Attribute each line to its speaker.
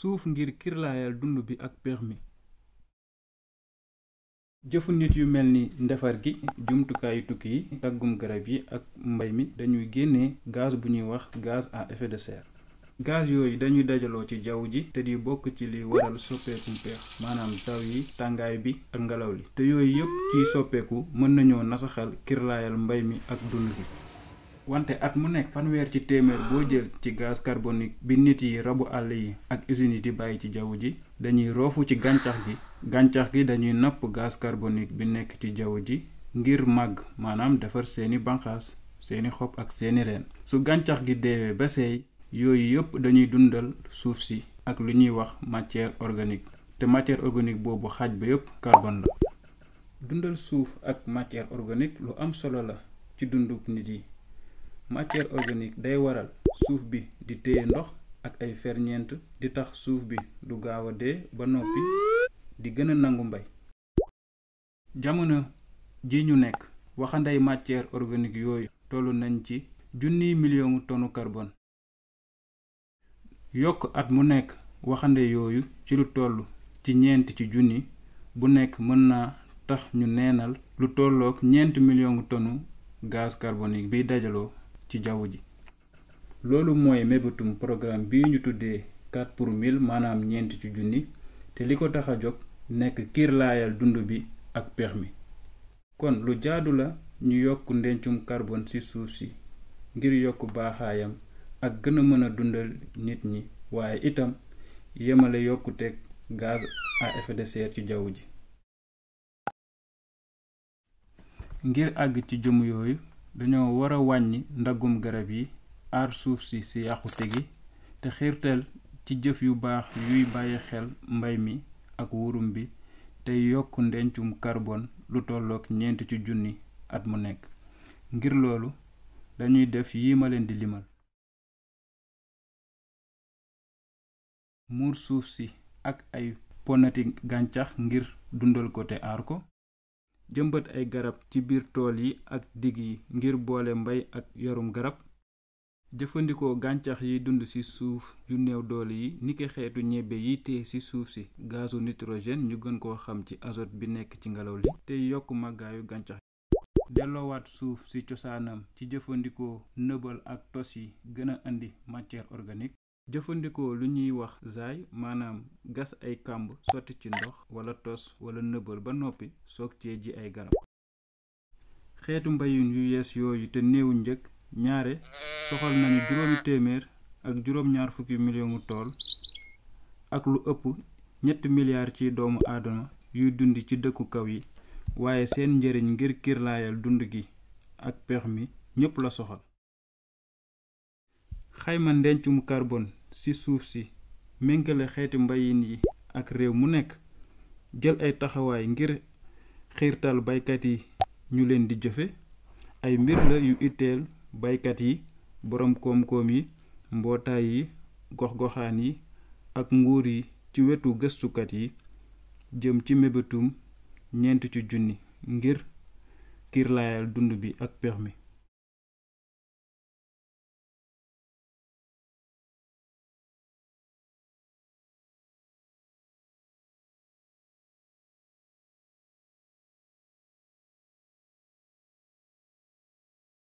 Speaker 1: suuf ngir kirlaayal dund bi ak permis jëfu nit yu mel ni ndefar gi jumtukaayu tukki yi tàggum garab yi ak mbay mi dañuy génnee gaz bu ñuy wax gaz à effet de serre gaz yooyu dañuy dajaloo ci jaww ji te di bokk ci li waral soppeekum peex maanaam taw yi tàngaay bi ak ngelaw li te yooyu yépp ciy soppeeku mën nañoo nasaxal kirlaayal mbay mi ak dund gi wante at mu nekk fanweer ci téeméer boo jël ci gaz carbonique bi nit yi rabu àll yi ak usines yi di bàyyi ci jaww ji dañuy roofu ci gàncax gi gàncax gi dañuy napp gaz carbonique bi nekk ci jaww ji ngir màgg maanaam defar seeni banqaas seeni xob ak seeni reen su gàncax gi deewee ba seey yooyu yëpp dañuy dundal suuf si ak lu ñuy wax matière organique te matière organique boobu xaaj ba yëpp carbone la dundal suuf ak matière organique lu am solo la ci dundub yi matière organique day waral suuf bi di téye ndox ak ay ferñeent di tax suuf bi du gaaw a dee ba noppi di gëna nangu mbay jamono ji ñu nekk waxanday matière organique yooyu tollu nañ ci junniy miliyoŋu tonu carbone at mu nekk waxande yooyu ci lu toll ci ñeent bu nekk mën na tax ñu neenal lu tollook ñeent miliyoŋu tonu gaz carbonique biy dajaloo ci jaww ji loolu mooy mébétum programme bi ñu tuddee 4 pour 1000 ñeent ci junni te li ko tax jóg nekk kiirlaayal dund bi ak pex mi kon lu jaadu la ñu yokk ndencum karbon ci suuf si ngir yokk baaxaayam ak gëna mëna dundal nit ñi waaye itam yemale yokkute gaz à effet ci jaww ji ngir àgg ci jëm yooyu dañoo wara a wàññi ndaggum garab yi aar suuf si ci yàqute gi te xiirtal ci jëf yu baax yuy bàyyi xel mbay mi ak wurum bi te yokk ndencum karbon lu tolloog ñeent ci junni at mu nekk ngir loolu dañuy def yi ma leen di limal suuf si ak ay ponati gàncax ngir dundal ko te jëmbat ay garab ci biir tool yi ak digg ngir boole mbay ak yorum garab jëfandikoo gàncax yi dund ci suuf yu néew dool yi niki xeetu ñebbe yi tee ci suuf si gazu nitrogène ñu gën koo xam ci azote bi nekk ci ngelaw li te yokk màggaayu gàncax yi delloowaat suuf ci cosaanam ci jëfandikoo nëbal ak tos yi gën a indi matière organique jëfandikoo lu ñuy wax zaay maanaam gas ay kàmb sotti ci ndox wala tos wala nëbal ba noppi soog cee ji ay garab xeetu mbayun yu yees yooyu te neewu njëkk ñaare soxal nañu juróomi ak juróom ñaar tool ak lu ëpp ñett milliards ci doomu aadama yuy dund ci dëkku kaw yi waaye seen njëriñ ngir kirlaayal dund gi ak pex mi ñépp la soxal xayma ndencum carbone ci suuf si méngale xeeti mbayin yi ak réew mu nekk jël ay taxawaay ngir xiirtal baykat yi ñu leen di jëfe ay mbir la yu itteel baykat yi boroom koom-koom yi mbootaay yi gox-goxaan yi ak nguur yi ci wetu gëstukat yi jëm ci mébétum ñeent ci junni ngir kiirlaayal dund bi ak pex mi